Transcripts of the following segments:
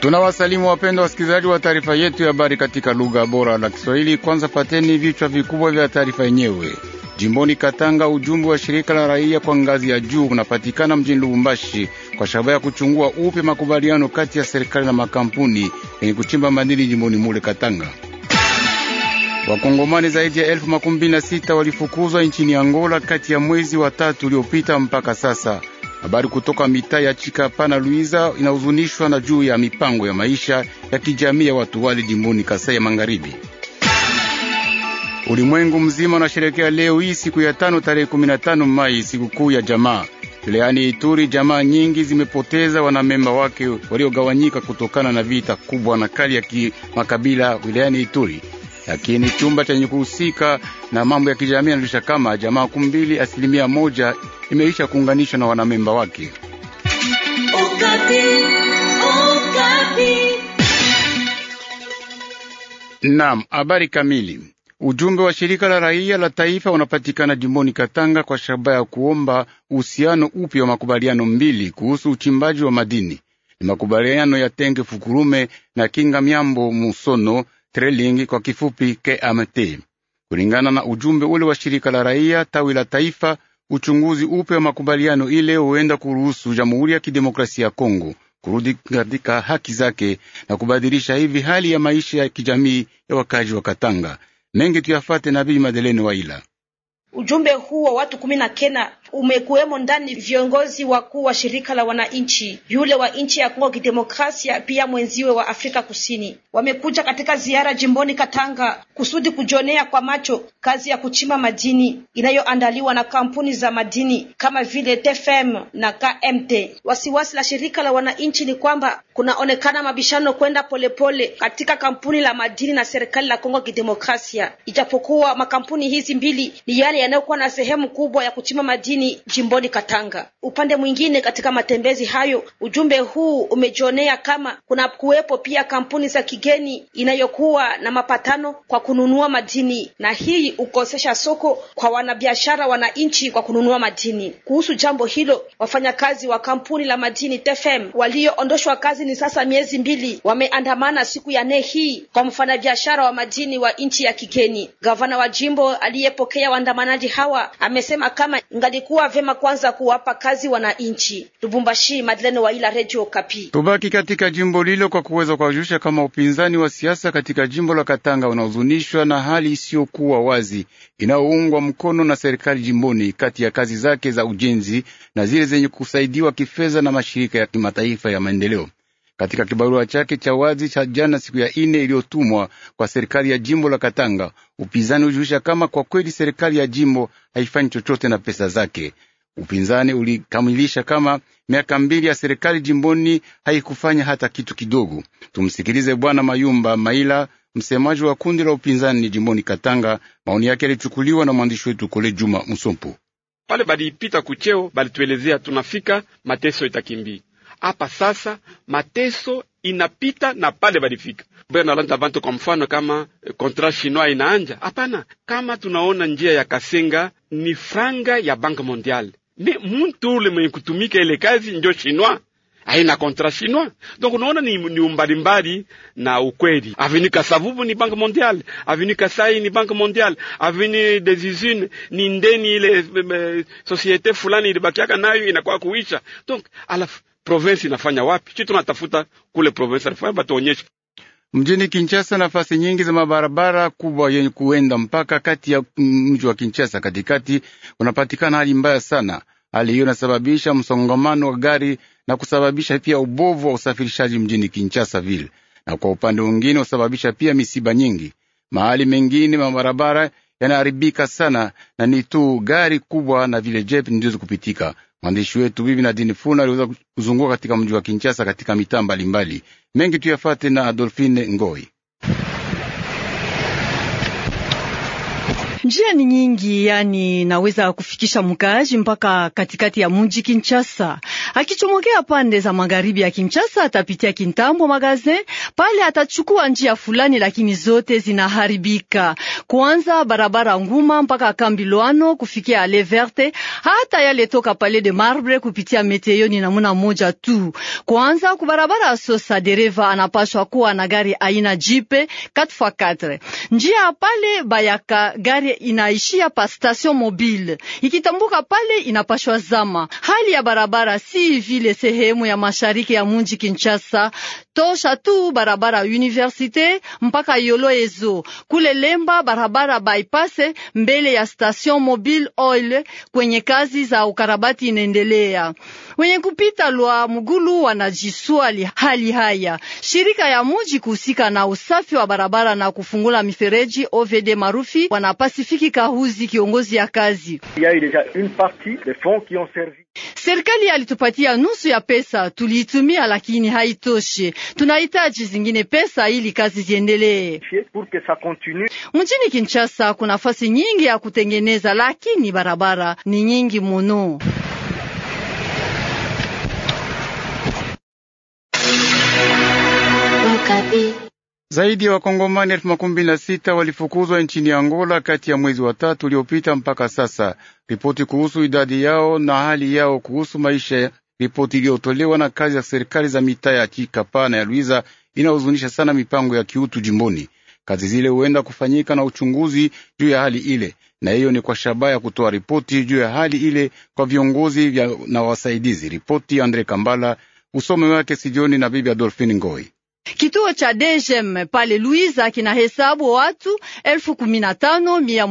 Tunawasalimu wapendwa wasikilizaji wa taarifa yetu ya habari katika lugha bora la Kiswahili. Kwanza pateni vichwa vikubwa vya taarifa yenyewe. Jimboni Katanga, ujumbe wa shirika la raia kwa ngazi ya juu unapatikana mjini Lubumbashi kwa shabaha ya kuchungua upya makubaliano kati ya serikali na makampuni yenye kuchimba madini jimboni mule Katanga. Wakongomani zaidi ya elfu makumi mbili na sita walifukuzwa nchini Angola kati ya mwezi wa tatu uliopita mpaka sasa. Habari kutoka mitaa ya Chikapa na Luiza inahuzunishwa na juu ya mipango ya maisha ya kijamii ya watu wale jimboni Kasai ya Magharibi. Ulimwengu mzima unasherekea leo hii siku ya tano tarehe 15 Mai sikukuu ya jamaa. Wilayani Ituri jamaa nyingi zimepoteza wanamemba wake waliogawanyika kutokana na vita kubwa na kali ya kimakabila wilayani Ituri lakini chumba chenye kuhusika na mambo ya kijamii anajulisha kama jamaa kumbili mbili asilimia moja imeisha kuunganishwa na wanamemba wake. Naam, habari kamili. Ujumbe wa shirika la raia la taifa unapatikana jimboni Katanga kwa shabaha ya kuomba uhusiano upya wa makubaliano mbili kuhusu uchimbaji wa madini. Ni makubaliano ya Tenge Fukurume na Kinga Myambo Musono trailing kwa kifupi KMT. Kulingana na ujumbe ule wa shirika la raia tawi la taifa, uchunguzi upe wa makubaliano ile huenda kuruhusu Jamhuri ya Kidemokrasia ya Kongo kurudi katika haki zake na kubadilisha hivi hali ya maisha ya kijamii ya wakazi wa Katanga. Mengi tuyafate na Bibi Madeleine Waila. Ujumbe huo watu kumi na kenda umekuwemo ndani viongozi wakuu wa shirika la wananchi, yule wa nchi ya Kongo Kidemokrasia, pia mwenziwe wa Afrika Kusini. Wamekuja katika ziara jimboni Katanga kusudi kujionea kwa macho kazi ya kuchima madini inayoandaliwa na kampuni za madini kama vile TFM na KMT. Wasiwasi la shirika la wananchi ni kwamba kunaonekana mabishano kwenda polepole katika kampuni la madini na serikali la Kongo Kidemokrasia, ijapokuwa makampuni hizi mbili ni yale yanayokuwa na sehemu kubwa ya kuchima madini Kusini jimboni Katanga. Upande mwingine, katika matembezi hayo, ujumbe huu umejionea kama kuna kuwepo pia kampuni za kigeni inayokuwa na mapatano kwa kununua madini, na hii ukosesha soko kwa wanabiashara wananchi kwa kununua madini. Kuhusu jambo hilo, wafanyakazi wa kampuni la madini TFM walioondoshwa kazi ni sasa miezi mbili, wameandamana siku ya nne hii kwa mfanyabiashara wa madini wa nchi ya kigeni. Gavana wa jimbo aliyepokea waandamanaji hawa amesema kama ingali ingekuwa vyema kwanza kuwapa kazi wananchi. Lubumbashi, Madeleine Waila, Radio Kapi. Tubaki katika jimbo lilo kwa kuweza kuwajulisha kama upinzani wa siasa katika jimbo la Katanga unahuzunishwa na hali isiyokuwa wazi inayoungwa mkono na serikali jimboni kati ya kazi zake za ujenzi na zile zenye kusaidiwa kifedha na mashirika ya kimataifa ya maendeleo. Katika kibarua chake cha wazi cha jana siku ya ine iliyotumwa kwa serikali ya jimbo la Katanga, upinzani ulijulisha kama kwa kweli serikali ya jimbo haifanyi chochote na pesa zake. Upinzani ulikamilisha kama miaka mbili ya serikali jimboni haikufanya hata kitu kidogo. Tumsikilize Bwana Mayumba Maila, msemaji wa kundi la upinzani jimboni Katanga. Maoni yake yalichukuliwa na mwandishi wetu Kole Juma msompo Pale baliipita kucheo, balituelezea tunafika mateso itakimbii hapa sasa mateso inapita na pale balifika Bernalantavante. Kwa mfano kama kontra eh, chinois inaanja hapana, kama tunaona njia ya Kasenga ni franga ya Banke Mondiale, me muntu ule mwenye kutumika ile kazi njo chinois aina kontra chinois. Donc unaona ni, ni umbalimbali na ukweli. Aveni Kasavubu ni Banke Mondiale, aveni Kasai ni Banke Mondiale, aveni des usines ni ndeni ile eh, eh, societe fulani ilibakiaka nayo inakuwa kuisha. Donc alafu province inafanya wapi? Chi tunatafuta kule province anafanya batuonyeshe. Mjini Kinshasa, nafasi nyingi za mabarabara kubwa yenye kuenda mpaka kati ya mji wa Kinshasa katikati unapatikana hali mbaya sana. Hali hiyo inasababisha msongamano wa gari na kusababisha pia ubovu wa usafirishaji mjini Kinshasa vile, na kwa upande mwingine husababisha pia misiba nyingi. Mahali mengine mabarabara yanaharibika sana, na ni tu gari kubwa na vile jeep ndizo kupitika. Mwandishi wetu Bibi Nadine Funa aliweza kuzunguka katika mji wa Kinshasa katika mitaa mbalimbali. Mengi tuyafate na Adolfine Ngoi. Njia ni nyingi, yani naweza kufikisha mkaaji mpaka katikati ya mji Kinshasa. Akichomokea pande za magharibi ya Kinshasa atapitia Kintambo magazin, pale atachukua njia fulani, lakini zote zinaharibika. Kwanza barabara nguma mpaka kambi Loano kufikia Le Verte, hata yale toka pale de Marbre kupitia Meteo ni namuna moja tu. Kwanza ku barabara Sosa, dereva anapashwa kuwa na gari aina jipe 4x4 njia pale Bayaka gari yenye inaishia pa station mobile, ikitambuka pale inapashwa zama. Hali ya barabara si vile sehemu ya mashariki ya mji Kinshasa, tosha tu barabara Universite mpaka Yolo Ezo kule Lemba, barabara bypass mbele ya station mobile oil kwenye kazi za ukarabati inaendelea wenye kupita lwa mgulu wanajiswali hali haya. Shirika ya muji kuhusika na usafi wa barabara na kufungula mifereji OVD marufi wana Pasifiki Kahuzi, kiongozi ya kazi Serikali alitupatia nusu ya pesa tuliitumia, lakini haitoshe Tunahitaji zingine pesa ili kazi ziendelee mjini Kinshasa. Kuna nafasi nyingi ya kutengeneza, lakini barabara ni nyingi mno. Zaidi ya wakongomani elfu makumi mbili na sita walifukuzwa nchini Angola kati ya mwezi wa tatu uliopita mpaka sasa. Ripoti kuhusu idadi yao na hali yao kuhusu maisha, ripoti iliyotolewa na kazi ya serikali za mitaa ya Chikapa na ya Luiza inahuzunisha sana mipango ya kiutu jimboni. Kazi zile huenda kufanyika na uchunguzi juu ya hali ile, na hiyo ni kwa shabaha ya kutoa ripoti juu ya hali ile kwa viongozi vya na wasaidizi. Ripoti Andre Kambala, usome wake sijoni na bibi Adolfine Ngoi. Kituo cha Dejem pale Luiza kinahesabu watu elfu kumi na tano mia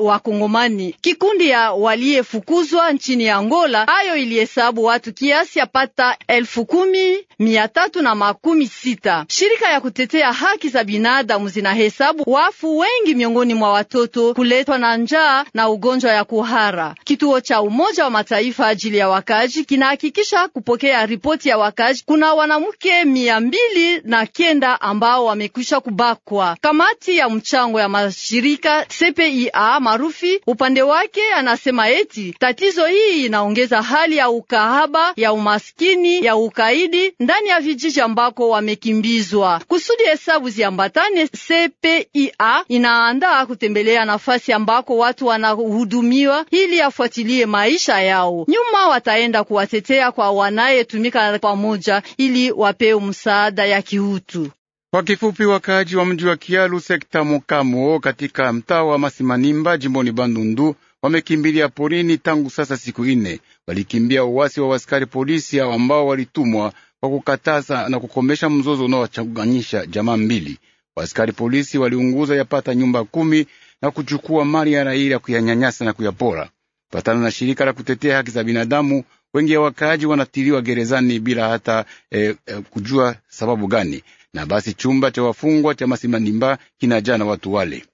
wa Kongomani. Kikundi ya waliyefukuzwa nchini ya Angola hayo ilihesabu watu kiasi yapata elfu kumi mia tatu na makumi sita. Shirika ya kutetea haki za binadamu zinahesabu wafu wengi miongoni mwa watoto kuletwa na njaa na ugonjwa ya kuhara. Kituo cha Umoja wa Mataifa ajili ya wakaji kinahakikisha kupokea ripoti ya wakaji. Kuna wanamke mia mbili na kenda ambao wamekwisha kubakwa. Kamati ya mchango ya mashirika CPIA marufi upande wake anasema eti tatizo hii inaongeza hali ya ukahaba, ya umaskini, ya ukaidi ndani ya vijiji ambako wamekimbizwa. Kusudi hesabu ziambatane, CPIA inaandaa kutembelea nafasi ambako watu wanahudumiwa ili afuatilie maisha yao. Nyuma wataenda kuwatetea kwa wanayetumika pamoja ili wapewe msaada ya kihu kiutu. Kwa kifupi, wakaaji wa mji wa Kialu sekta Mokamo katika mtaa wa Masimanimba jimboni Bandundu wamekimbilia porini tangu sasa siku ine. Walikimbia uwasi wa waskari polisi hao ambao walitumwa kwa kukataza na kukomesha mzozo unaowachanganyisha jamaa mbili. Waskari polisi waliunguza yapata nyumba kumi na kuchukua mali ya raia, kuyanyanyasa na kuyapora. Patana na shirika la kutetea haki za binadamu wengi ya wakaaji wanatiliwa gerezani bila hata eh, eh, kujua sababu gani, na basi chumba cha wafungwa cha masimanimba kinajaa na watu wale.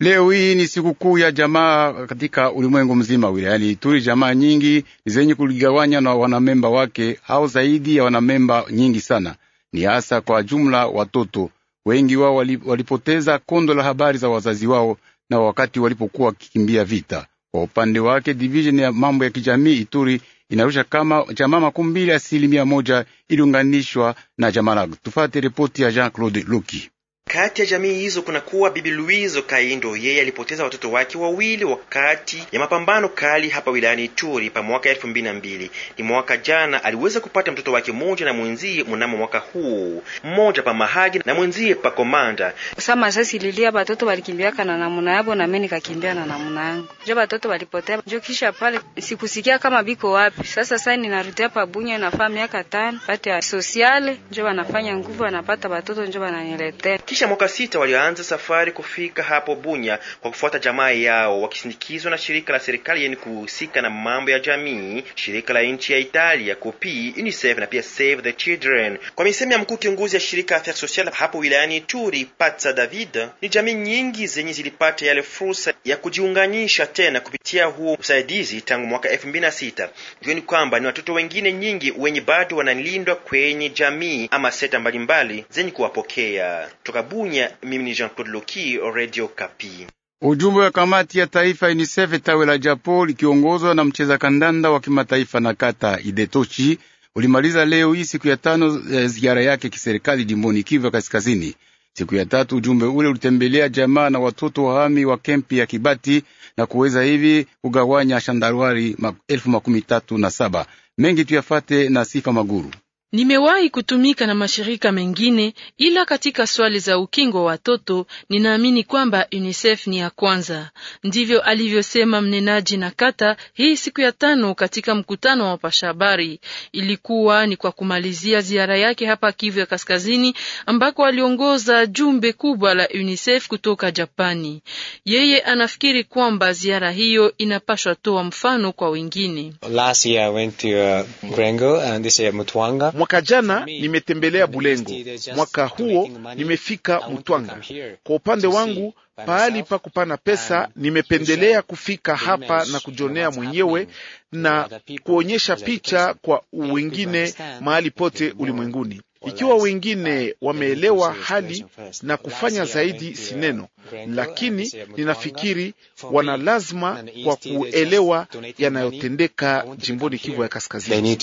Leo hii ni sikukuu ya jamaa katika ulimwengu mzima. Wilayani Ituri, jamaa nyingi ni zenye kuligawanya na wanamemba wake au zaidi ya wanamemba nyingi sana, ni hasa kwa jumla watoto. Wengi wao walipoteza kondo la habari za wazazi wao na wakati walipokuwa wakikimbia vita. Kwa upande wake divisheni ya mambo ya kijamii Ituri inarusha kama jamaa makumi mbili asilimia moja iliunganishwa na jamaa. Tufate ripoti ya Jean Claude Luki. Kati ya jamii hizo kuna kuwa Bibi Luizo Kaindo, yeye alipoteza watoto wake wawili wakati ya mapambano kali hapa wilayani Ituri pa mwaka elfu mbili na mbili. Ni mwaka jana aliweza kupata mtoto wake mmoja na mwenzie mnamo mwaka huu, mmoja pa Mahagi na mwenzie pa Komanda. Sama sasa ililia batoto walikimbiaka na namuna yabo na mimi nikakimbia na namuna yangu, njo batoto walipotea, njo kisha pale sikusikia kama biko wapi. Sasa sasa ninarudia pa Bunya na familia miaka tano pate ya sosiale, njo wanafanya nguvu wanapata batoto njo wananiletea kisha mwaka sita walioanza safari kufika hapo Bunya kwa kufuata jamaa yao wakisindikizwa na shirika la serikali yenye kuhusika na mambo ya jamii, shirika la nchi ya Italia Kopi, UNICEF na pia Save the Children. Kwa misemo ya mkuu kiongozi ya shirika Afya Social hapo wilayani turi Patsa David, ni jamii nyingi zenye zilipata yale fursa ya kujiunganisha tena kupitia huo usaidizi tangu mwaka 2006. Jioni kwamba ni watoto wengine nyingi wenye bado wanalindwa kwenye jamii ama seta mbalimbali zenye kuwapokea toka Kabunya, mimi ni Jean-Claude Loki, Radio Kapi. Ujumbe wa kamati ya taifa UNICEF tawi la Japo likiongozwa na mcheza kandanda wa kimataifa na kata Idetochi ulimaliza leo hii siku ya tano ya eh, ziara yake kiserikali jimboni Kivu ya Kaskazini. Siku ya tatu ujumbe ule ulitembelea jamaa na watoto wahami wa kempi ya Kibati na kuweza hivi kugawanya shandarwari elfu makumi tatu na saba. Mengi tuyafate na Sifa Maguru. Nimewahi kutumika na mashirika mengine ila katika swali za ukingo wa watoto ninaamini kwamba UNICEF ni ya kwanza. Ndivyo alivyosema mnenaji na kata hii siku ya tano katika mkutano wa wapasha habari. Ilikuwa ni kwa kumalizia ziara yake hapa Kivu ya Kaskazini ambako aliongoza jumbe kubwa la UNICEF kutoka Japani. Yeye anafikiri kwamba ziara hiyo inapashwa toa mfano kwa wengine. Last year I went to, uh, and this year Mutwanga. Mwaka jana nimetembelea Bulengo, mwaka huo nimefika Mutwanga. Kwa upande wangu pahali pa kupana pesa nimependelea kufika hapa na kujionea mwenyewe na kuonyesha picha kwa wengine mahali pote ulimwenguni. Ikiwa wengine wameelewa hali na kufanya zaidi, sineno lakini ninafikiri wana lazima kwa kuelewa yanayotendeka jimboni Kivu ya Kaskazini.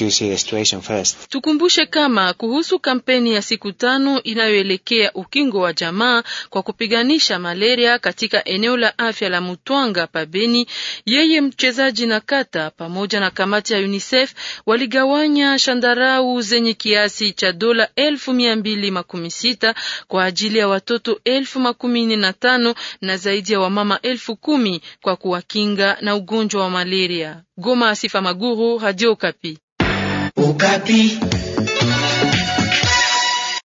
Tukumbushe kama kuhusu kampeni ya siku tano inayoelekea ukingo wa jamaa kwa kupiganisha malaria katika eneo la afya la Mutwanga Pabeni, yeye mchezaji na kata pamoja na kamati ya UNICEF waligawanya shandarau zenye kiasi cha dola dola elfu mia mbili makumi sita kwa ajili ya watoto elfu makumi nne na tano na zaidi ya wamama elfu kumi kwa kuwakinga na ugonjwa wa malaria. Goma, Asifa Maguru, Radio Okapi. Okapi.